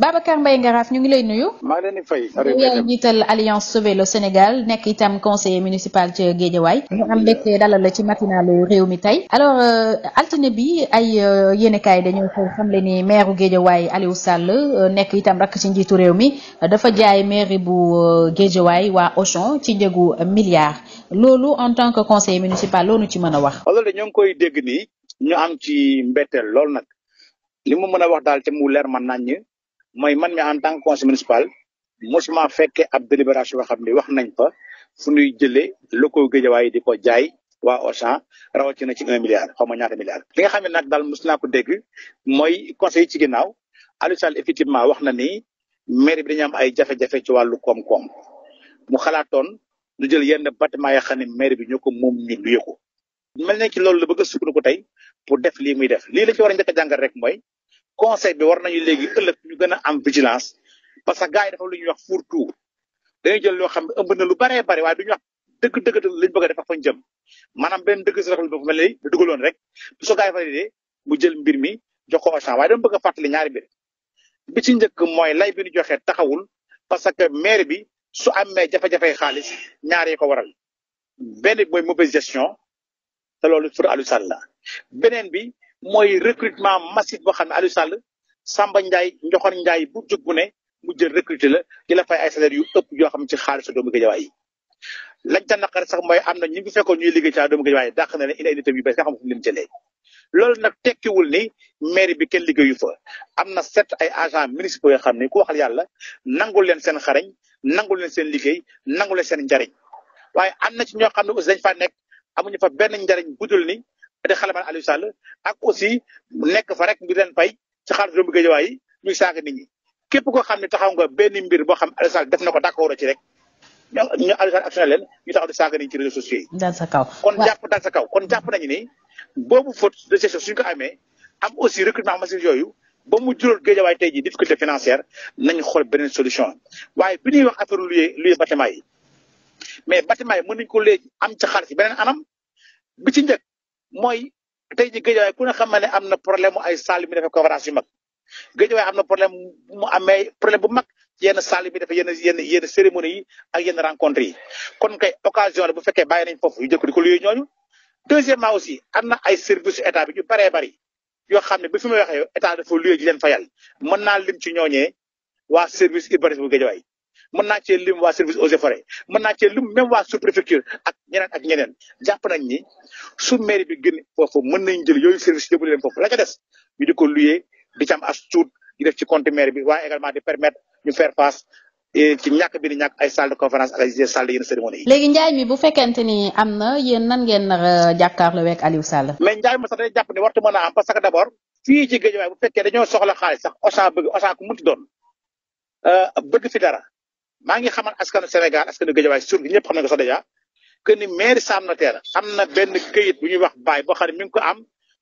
Babacar mbay Ngaraaf ñu ngi lay nuyu. maa ngi leen di fay. yaay Alliance Sauver le Sénégal nekk itam conseiller municipal ca Guédiawaye. ñu am mbégte dalal la ci matinalu réew mi tey. alors euh, altine bi ay euh, yéenekaay dañoo xamle ni maire Guédiawaye Aliou Sall euh, nekk itam rakk ci njiitu réew mi dafa jaay mairie bu Guédiawaye waa Auchan ci njëgu milliard loolu en tant que conseiller municipal loolu ci mën a wax. loolu ñoo koy dégg nii ñu am ci mbetteel lool nag li mu mën a mooy man mi en tant que conseil municipal mosuma fekkee ab délibération yoo xam ne wax nañ fa fu ñuy jëlee locaux waaye di ko jaay waa Auchan rawatina ci un milliard xaw ma ñaata milliard li nga xam ne nag daal mos naa ko dégg mooy conseil ci ginnaaw Aliou Sall effectivement wax na ni maire bi dañu am ay jafe-jafe ci wàllu koom-koom mu xalaatoon lu jël yenn bâtiment ya xam ne maire bi ñoo ko moom ñu luye ko mel na ci loolu la bëgg a sukkandiku tey pour def lii muy def lii la ci war a njëkk rek mooy conseil bi war nañu léegi ëllëg ñu gën am vigilance parce que gars yi dafa lu ñuy wax fourre-tout dañuy jël loo xam ne ëmb na lu baree bari waaye du ñu wax dëgg dëgg lañ bëgg a def ak fañ jëm maanaam benn dëgg si rek lu rek bu soo gars yi validé mu jël mbir mi jox ko Auchan waaye dama bëgg a fàttali ñaari bi ci njëkk mooy lay bi ñu joxe taxawul parce que maire bi su amee jafe-jafe xaalis ñaari ko waral benn bi mooy gestion te loolu pour Aliou Sall beneen bi mooy recrutement massif boo xam ne Aliou Sall Samba Ndiaye Njoxor Ndiaye bu jóg bu ne mu jël recruter la di la fay ay salaire yu ëpp yoo xam ne ci xaalisu doomu Géejawaay yi lañ ca naqar sax mooy am na ñu ngi fekkoon ñuy liggéey ci doomu Géejawaay yi dàq na ne indi ay loolu nag tekkiwul ni mairie bi kenn liggéeyu fa am na set ay agents municipaux yoo xam ne ku waxal yàlla nangul leen seen xarañ nangul leen seen liggéey nangul leen seen njariñ waaye am na ci ñoo xam ne aussi dañ faa nekk amuñu fa benn njariñ budul ni di xalamal aussi nekk fa rek ngir leen fay ci xaalis doomu géejawaay yi ñuy saaga nit ñi képp koo xam ne taxaw nga benn mbir boo xam Aliou Sall def na ko d'accord ci rek ñu ñu Aliou Sall actionné leen ñu taxaw di saaga nit ñi ci réseaux sociaux yi. dal sa kaw kon jàpp dal sa kaw kon jàpp nañu ni boobu faute de gestion suñu ko amee am aussi recrutement massif yooyu ba mu jural géejawaay tey jii difficulté financière nañu xool beneen solution waaye bi ñuy wax affaire luye luye bâtiment mais bâtiment yi mën nañu ko léegi am ci xaalis beneen anam mooy tey ji Guédiawaye ku ne xam ne am na problème ay salle mi defee conférence yu mag Guédiawaye am na problème mu amee problème bu mag yenn salle mi defee yenn yenn yenn cérémonie yi ak yenn rencontre yi kon kay occasion la bu fekkee bàyyi nañ foofu yu jëkk ko luy ñooñu deuxièmement aussi am na ay service état bi ñu baree bari yoo xam ne bi fi may waxee état dafa luy ji leen fayal mën naa lim ci ñooñee waa service urbanisme bu Guédiawaye mën naa cee lim waa service eaux et forêts mën naa cee lim même waa sous-préfecture ak ñeneen ak ñeneen jàpp nañ ni su mairie bi gën foofu mën nañ jël yooyu service yóbbu leen foofu la ca des ñu di ko luyee di ci am as tuut def ci compte mairie bi waaye également de permettre ñu faire face eh, ci ñàkk bi ni ñàkk ay salle de conférence ak ay salle yenn cérémonie yi. léegi njaay mi bu fekkente ni am na yéen nan ngeen nar jàkkaarloo ak Aliou Sall. mais njaay ma sax dañuy jàpp ne wartu mën a am d' abord fii ci bu fekkee dañoo soxla xaalis sax Auchan bëgg Auchan ku munti doon euh, bëgg fi dara maa ngi xamal askanu Sénégal askanu Guédiawaye surtout ñëpp xam na ko sax déjà que ni maire Sam Notaire am na benn këyit bu wax baay boo xam ne mi ngi ko am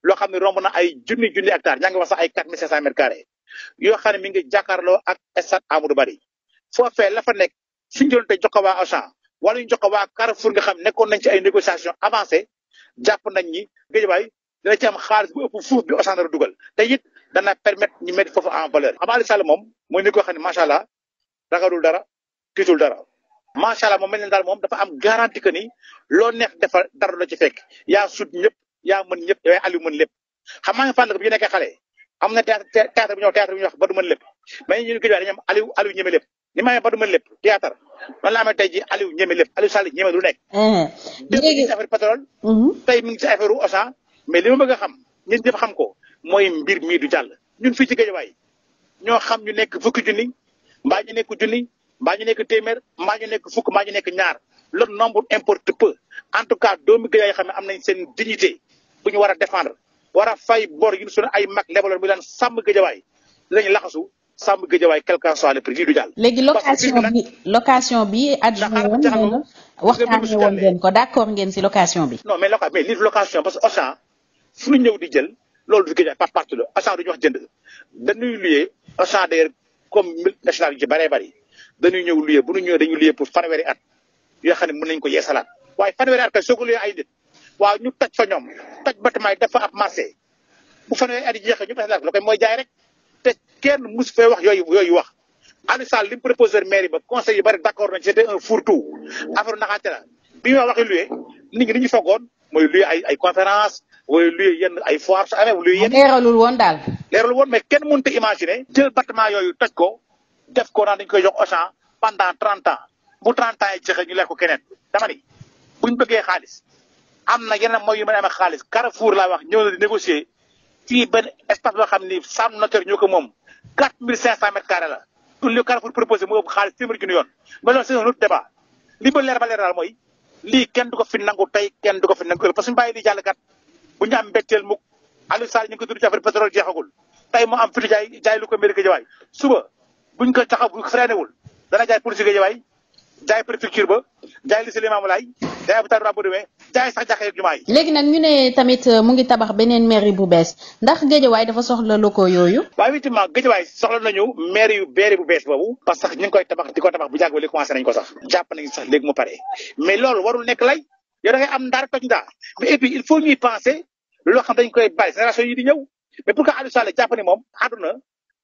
loo xam ne romb na ay junni junni hectares ñaa ngi wax sax ay quatre mille sam cent mètres carrés yoo xam ne mi ngi jàkkaarloo ak stade Amadou Barry foofee la fa nekk suñ doon tey jox ko waa Auchan wala ñu jox ko waa Carrefour nga xam nekkoon nañ ci ay négociations avancées jàpp nañ ñi Guédiawaye dina ci am xaalis bu ëpp fuuf bi Auchan dara it dana permettre ñu mettre foofu en valeur. Amadou Sall moom mooy ni ko xam ne macha allah ragalul dara tiitul dara macha allah moom mel ne daal moom dafa am garantie que ni loo neex defar dara la ci fekk yaa sut ñëpp yaa mën ñëpp yaa Aliou mën lépp xam maa ngi fàttaliku bi ñu nekkee xale am na théâtre bu ñëw théâtre bu ñuy wax ba du mën lépp mais ñun géej waaye dañu am ñeme lépp ni ma amee ñeme lu nekk. démb mi ngi ci ngi ci affaire Auchan mais li ma bëgg a xam ñun ñëpp xam ko mooy mbir mii du jàll ñun fii ci géej waaye ñoo xam ñu nekk fukki junni mbaa ñu nekk junni mbaa ñu nekk téeméer mbaa ñu nekk fukk mbaa ñu nekk ñaar le nombre importe peu en tout cas doomu Guèye yoo xam ne am nañ seen dignité bu ñu war a défendre war a fay bor yu suñu ay mag lebaloon bi daan sàmm Guédiawaye dinañ laxasu sàmm Guédiawaye quel qu'en soit le prix du jàll. léegi location bi location bi adjoint woon nee na waxtaanee woon ngeen ko location bi. no mais location mais parce que Auchan fu ñëw di jël loolu du Guédiawaye par partie la Auchan du ñu wax jënd dañuy dañuy ñëw luyee bu ñu ñëwee dañuy luyee pour fanweeri at yoo xam ne mën nañ ko yeesalaat waaye fanweeri at kay soo ko luyee ay nit waaw ñu taj fa ñoom taj bâtiment yooyu ñu foogoon mooy luyee ay ay conférence wala luy yenn ay foire su amee luy yenn leeralul woon daal leeralul woon a imaginer jël bâtiment yooyu toj ko def ko naan dañ koy jox Auchan pendant trente ans bu trente ans yi jeexee ñu lekk ko keneen dama buñ bëggee xaalis am na yeneen mooy yu mën a amee xaalis Carrefour laa wax ñëw na di négocier benn espace boo xam ni Sam Notaire ñoo ko moom quatre mille cinq cent mètres carrés la. pour li Carrefour proposé mu ëpp xaalis téeméer gi nu yoon mais ba leer ba leer daal mooy lii kenn du ko fi nangu tey kenn du ko fi nangu parce que suñu di jàll kat bu ñu am mbetteel mukk Aliou ñu ko tudd ci mu am fi jaay jaay ko mbiri ko bu ñu ko taxaw bu freiné wul dana jaay police Guédiawaye jaay préfecture ba jaay lycée Limamou Laye jaay hôpital Rambo Déme jaay sax jàkka yeeg léegi nag ñu ne tamit euh, mu ngi tabax beneen mairie bu bees ndax Guédiawaye dafa soxla locaux yooyu. waaye effectivement Guédiawaye soxla nañu mairie yu beere bu bees boobu. parce que ñu ngi koy tabax di ko tabax bu jàgg ba léegi commencé nañ ko sax. jàpp nañu sax léegi mu pare mais loolu warul nekk lay yow da am ndaar toj ndaar mais et faut ñuy penser loo xam dañ koy bàyyi génération yi di ñëw mais pour que Aliou jàpp ne moom àdduna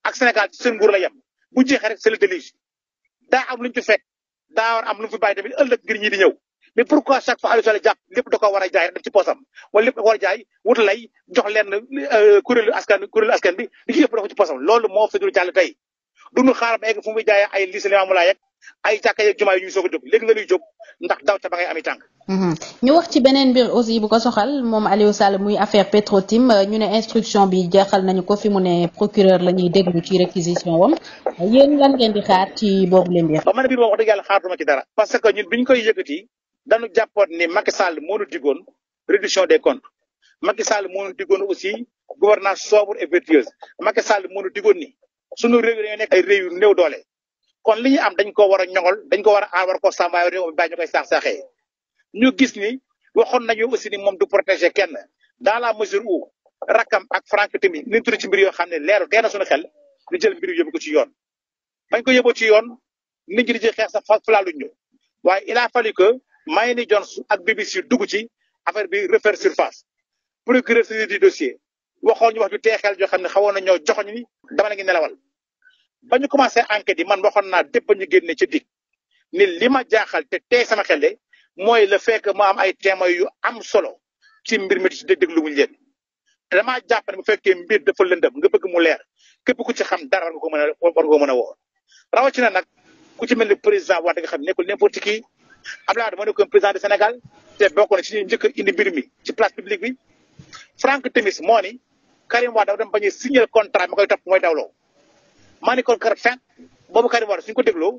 ak Sénégal ci la yem bu jeexee rek c'est le déluge daa am lu ñu ci fekk daa war am lu fi bàyyi tamit ëllëg ngir ñi di ñëw mais pourquoi chaque fois Aliou Sall jàpp lépp da ko war a jaay rek def ci poosam wala lépp da ko war a jaay wut lay jox leen euh, kuréelu askan askan bi li ci yëpp da ko ci poosam loolu moo fi dul jàll tey duñu xaaral ba egg fu muy jaayee ay lycée Limamou Laye ay jàkka yeeg jumaa yi ñuy soog a jóg léegi nga ñuy jóg ndax daw ca ba ngay am i mhm. ñu wax ci beneen mbir aussi bu ko soxal moom Aliou Sall muy affaire Petrotim euh, ñu ne instruction bi jeexal nañu ko fi mu ne procureur la ñuy déglu ci réquisition wam yéen lan ngeen di xaar ci boobu leen mbir ba mën biir moom wax dëgg yàlla xaartuma ci dara parce que biñ koy yëkkati dañu jàppoon ni Macky Sall moo nu digoon réduction des comptes Macky Sall moo nu digoon aussi gouvernance sobre et kon li ñu am dañ ko war a ñoŋol dañ ko war a aar war koo sàmm waaye réew ñu koy saax saaxee ñu gis ni waxoon nañu aussi ni moom du protégé kenn dans la mesure où rakam ak Franck tamit ni tudd ci mbir yoo xam ne leeru tee na suñu xel ñu jël mbir yóbbu ko ci yoon bañ ko yóbbu ci yoon nit ñi di ci xeex sax fulaaluñ ñu waaye il a fallu que Mayeni Jones ak BBC dugg ci affaire bi refaire surface procureur saisir du dossier waxoon ñu wax ju teexeel joo xam ne xawoon na ñoo joxoñ ni dama la ngi nelawal bañu ñu commencé enquête yi man waxoon naa dépp ñu génne ci dig ni li ma jaaxal te tey sama xel de mooy le fait que am ay témoins yu am solo ci mbir mi ci déglu wuñ leen te damaa jàpp ne bu fekkee mbir dafa lëndëm nga bëgg mu leer képp ku ci xam dara war nga ko mën a war nga mën a woo rawatina nag ku ci mel ni président wax nga xam nekkul n'importe qui Abdoulaye Wade moo nekkoon président du Sénégal te bokk na ci ñuy njëkk indi mbir mi ci place publique bi Franck Timis moo ni Karim Wade dafa dem bañ a signer contrat maa ni kon kar fin boobu Karim Wade suñ ko dégloo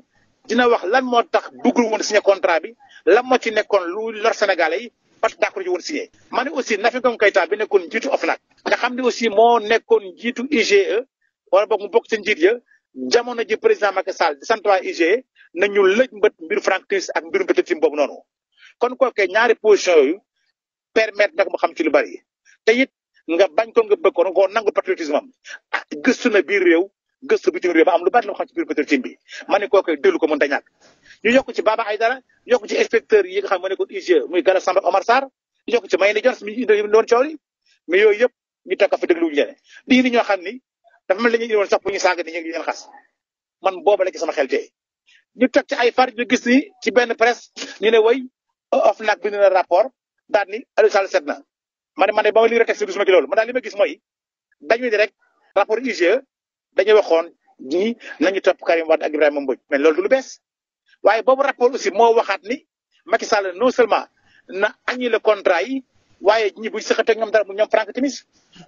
dina wax lan moo tax duggul woon signé contrat bi lan moo ci nekkoon lu lor Sénégalais yi parce que d'accord ji woon signé. maa ni aussi Nafi Ngom Keïta bi nekkoon njiitu OFNAC nga xam ne aussi moo nekkoon njiitu IGE wala boog mu bokk ci njiit ya jamono ji président Macky Sall di sant waa IGE nañu lëj mbët mbiru Franck Timis ak mbiru Petit Tim boobu noonu kon kookee ñaari position yu permettre nag mu xam ci lu bari te it nga bañ ko nga bëggoon nga nangu patriotisme am ah, gëstu na biir réew gëstu bitim réew bi ma ne kooku déglu ko mën ta ñu yokk ci Baba Aydara yokk ci inspecteur yi nga xam ma ne ko IGE muy Gala Samba Omar Sarr yokk ci Mayene Jones mi indi woon coow yooyu yëpp ñu teg ko fa dégluwuñu leen di ñoo xam ni dafa mel ni ñu indi woon sax bu ñu sàng ni ñu ngi xas man booba la ci sama xel tee ñu teg ci ay far ñu gis ni ci benn presse ñu ne way OFNAC bi na rapport daal ni Aliou Sall set na ma ne ma ne ba ma lii rek texte gisuma ci loolu man daal li ma gis mooy dañu dañu waxoon ñii nañu topp Karim Wade ak Ibrahima Mbodj mais loolu du lu bees waaye boobu rapport aussi moo waxaat ni Macky Sall non seulement na annulé contrat yi waaye ñi buy sëxate ñoom dara mu ñoom Frank Timis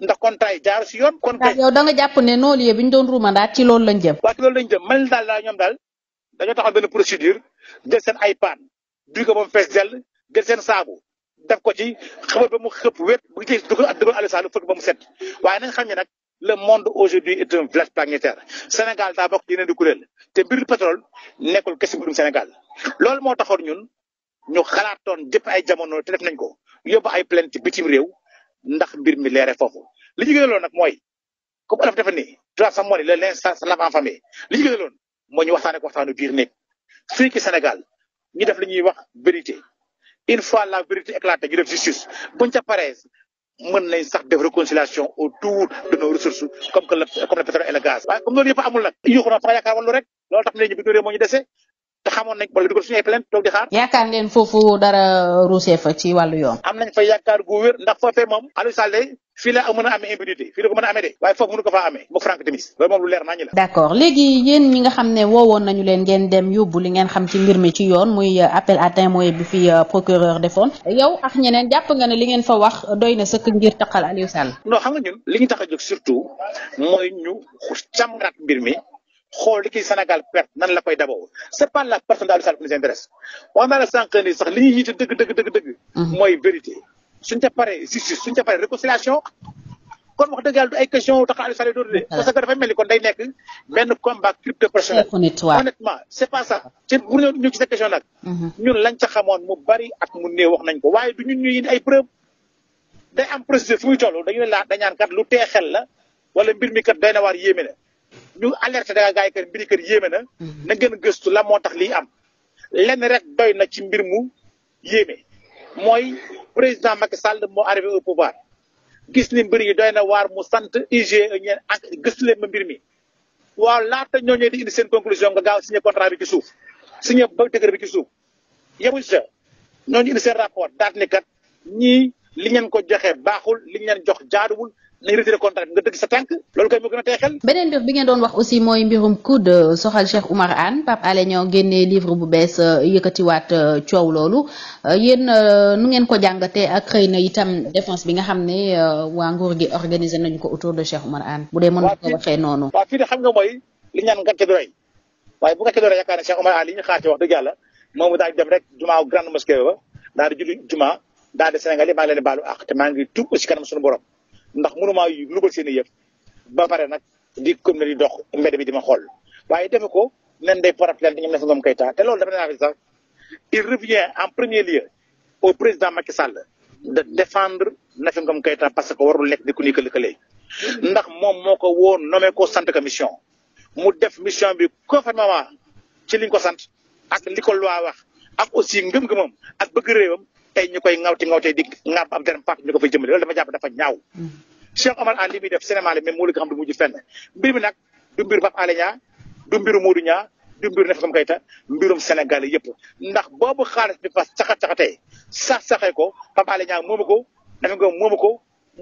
ndax contrat yi jaar si yoon. kon kay yow da jàpp ne non-lieu bi ñu doon ruumandaat ci loolu lañ jëm. waaw ci loolu lañ jëm mel daal daal ñoom daal dañoo taxal benn procédure jël seen ay paan duy ko ba mu fees dell seen saabu def ko ci xabar ba mu xëpp wépp bu ñu ci dugal mu set waaye nañ xam ne le monde aujourd'hui est un village planétaire Sénégal daa bokk yeneen di kuréel te mbiru pétrole nekkul kese mbirum Sénégal lool moo taxoon ñun ñu xalaatoon jëpp ay jamono te def nañ ko yóbbu ay plainte bitim réew ndax mbir mi leere foofu li ñu gënaloon nag mooy comme a dafa ni tubaab sax moo ne le linge se lave famille li ñu gënaloon moo ñu waxtaane ko waxtaanu biir néeg fii ci Sénégal ñu def li ñuy wax vérité une fois la vérité éclatée ñu def justice buñ ca paree mën nañ sax def réconciliation autour de nos ressources comme que comme pétrole et le gaz waaye comme loolu yëpp amul nag yuuxu na fa yaakaar wàllu rek loolu tax ne ñu bi turée moo ñu dese te xamoon nañ wala di ko suñu plainte toog di xaar yaakaar ngeen foofu dara ruusee fa ci wàllu yoon am nañ fa yaakaar gu ndax foofee moom Aliou Sall fii la mën a amee impunité fii la ko mën a de waaye foofu mënu ko faa amee mu Franck loolu leer nañu la d'accord léegi yéen ñi nga xam ne woowoon nañu leen ngeen dem yóbbu li ngeen xam ci mbir mi ci yoon muy euh, appel à témoin bi fi euh, procureur defoon yow ak ñeneen jàpp nga ne li ngeen fa wax doy na sëkk ngir taqal Aliou Sall non a xool li ciy Sénégal perte nan la koy daboo c' est pas la personne d'Aliou Sall qui nous intéresse wax sànq sax li ñuy yitte dëgg dëgg dëgg dëgg mm-hmm. mooy vérité suñ ca paree justice suñ ca paree réconciliation kon wax dëgg yàlla du ay question tax Aliou Sall dootulee parce que dafa mel ni kon day nekk benn combat crypto personnel honnêtement c' est pas ça ci bu ñu ci sa question nag mm-hmm. ñun lañ ca xamoon mu bari ak mu néew wax nañ ko waaye du ñu ñu indi ay preuve day am procédure fu muy toll dañu la dañaan kat lu la wala mbir mi kat day na waar ñu alerte da nga gars yi kër mbiri kër yéeme na. Mhm. na ngeen gëstu la moo tax lii am. lenn rek doy na ci mbir mu yéeme mooy président Macky Sall moo arrivé au pouvoir gis ni mbir yi doy na waar mu sant a e ñeen ak gëstu leen ma mbir mi. waaw laata ñooñu di indi seen conclusion nga gaaw signé contrat bi ci suuf signé ba dëgër bi ci suuf yemuñu sa ñooñu indi seen rapport daat ni kat ñii li ngeen ko joxe baaxul li ngeen jox jaaduwul. nañ retiré contrat nga dëgg sa tànk loolu kay moo gën a tey xel. beneen mbir bi ngeen doon wax aussi mooy mbirum coude soxal Cheikh Oumar Anne Pape Alé ñoo livre bu bees euh, yëkkatiwaat euh, coow loolu euh, yéen nu ngeen ko jàngatee ak xëy na itam défense bi nga xam ne waa nguur gi organisé nañu ko autour de Cheikh Oumar Anne bu dee mën na ko waxee noonu. waaw fii de xam nga mooy li ñaan gàcce du rey waaye bu gàcce du rey yaakaar ne Cheikh Oumar Anne li ñu xaar ci daal dem ndax mënumaa lugal seen i yëf ba pare nag di comme di dox mbedd bi di ma xool waaye defee ko nen day parapluie di ñoom ne sa ngoom Keita te loolu dafa naa fi sax il revient en premier lieu au président Macky Sall de défendre Nafi Ngom Keita parce que warul lekk di ku ni këlëkëlee ndax moom moo ko woon nommé ko sant ko mission mu def mission bi conformément ci liñ ko sant ak li ko loi wax ak aussi ngëm-ngëmam ak bëgg réewam tey ñu koy ngaw ŋawti ŋawtee di ŋàbb ab deram pàcc fo ko fay jëmale loolu dama jàpp dafa ñaaw mm. Cheikh Omar Anne li muy def cinéma la même moo la ko xam du mujj fenn mbir mi nag du mbiru Pape Alé Niang du mbiru Modou Niang du mbiru Nafissatou Keita mbirum Sénégal yëpp ndax boobu xaalis bi fas sax saxee ko Pape Alé Niang moomu ko Nafissatou Keita moomu ko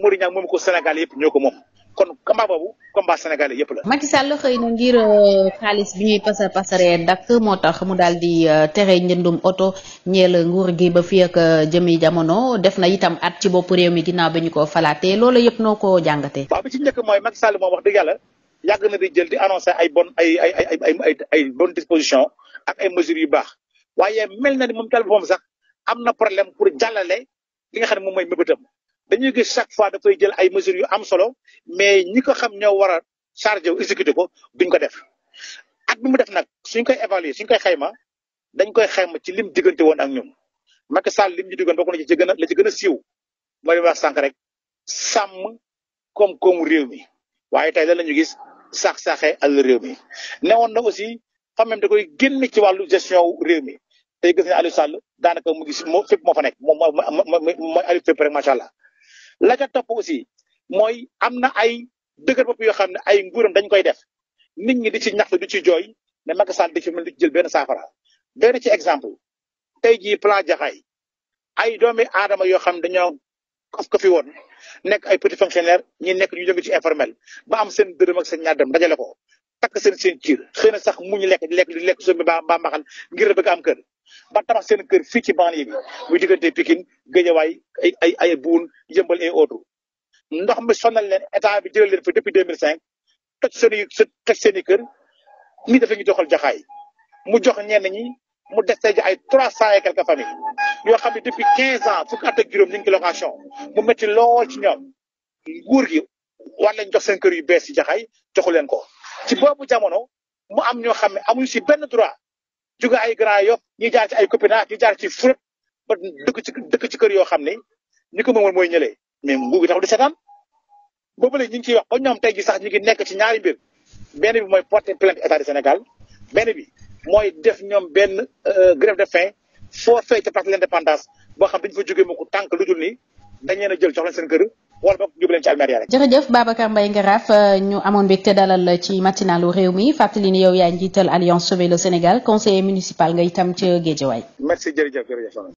Modou Niang moomu ko Sénégal yëpp ñoo ko moom kon combat boobu combat sénégalais yëpp la. Macky Sall xëy na ngir euh, xaalis bi ñuy pasar pasaree dakk moo tax mu daal di euh, tere njëndum oto ñeel nguur gi ba fii ak euh, jëmi jamono def na itam at ci bopp réew mi ginnaaw ba ñu ko falaatee loolu yëpp noo ko jàngatee. waaw bi ci njëkk mooy Macky Sall moom wax dëgg yàlla yàgg na di jël di annoncé ay bon ay ay ay ay disposition ak ay mesures yu baax waaye mel na ni moom daal moom sax am na problème pour jàllale li nga xam moom mooy mébétam dañuy gis chaque fois dafay jël ay mesures yu am solo mais ñi ko xam ñoo war a chargé wu exécuté ko duñ ko def at bi mu def nag suñ koy évaluer suñ koy xayma dañ koy xayma ci lim diggante woon ak ñun Macky Sall lim ñu diggoon bokk na ci gën a la ci gën a siiw mooy li wax sànq rek sàmm koom-koomu réew mi waaye tey lan la ñu gis saax saaxee àll réew mi newoon na aussi xam même da koy génn ci wàllu gestion wu réew mi tey gis ne Aliou Sall daanaka mu ngi si moo fépp moo fa nekk moom mooy Aliou fépp rek macha la ca topp aussi mooy am na ay dëgër bopp yoo xam ne ay nguuram dañ koy def nit ñi di ci ñaxtu di ci jooy ne Macky Sall di ci mën jël benn saafara benn ci exemple tey jii plan Jaxaay ay doomi aadama yoo xam ne dañoo kof ko fi woon nekk ay petit fonctionnaire ñi nekk ñu jëngi ci informel ba am seen dërëm ak seen ñaar dërëm dajale ko takk seen seen ciir xëy sax muñu lekk di lekk di lekk soo bi ba mbaa mbaxal ngir bëgg am kër ba tabax seen kër fii ci banlieue bi muy diggante Pikine Guédiawaye ay ay ay Boune Yeumbeul et ndox mi sonal leen état bi jëlee leen fi depuis 2005 toj seen i toj seen i kër ñi dafa ñu doxal jaxaay mu jox ñenn ñi mu des tey ay trois cent et quelques familles yoo xam ne depuis quinze ans fukki at ak juróom ñu ngi ci location mu métti lool ci ñoom nguur gi war lañ jox seen kër yu bees yi jaxaay joxu leen ko ci boobu jamono mu am ñoo xam ne amuñu si benn droit. jóge ay Grand yo ñu jaar ci ay Copena ñu jaar ci Fouret dëkk ci dëkk ci kër yoo xam ne ñi ko moomoon mooy ñëlee mais nguur gi tax du seetaan boobu léegi ñu ngi ciy wax ba ñoom tey ji sax ñu ngi nekk ci ñaari mbir benn bi mooy porter plainte état du Sénégal benn bi mooy def ñoom benn euh, grève de faim forfait ca place de l'indépendance boo xam dañu fa jógee mu ko tànk lu dul ni dañ jël jox leen seen kër wala boog jublu leen ci Almeria rek. jërëjëf Babacar Mbaye Ngaraf euh, ñu amoon mbégte dalal ci matinalu réew mi fàttali ni yow yaa njiital Alliance Sauver le Sénégal conseiller municipal nga itam ca Guédiawaye. merci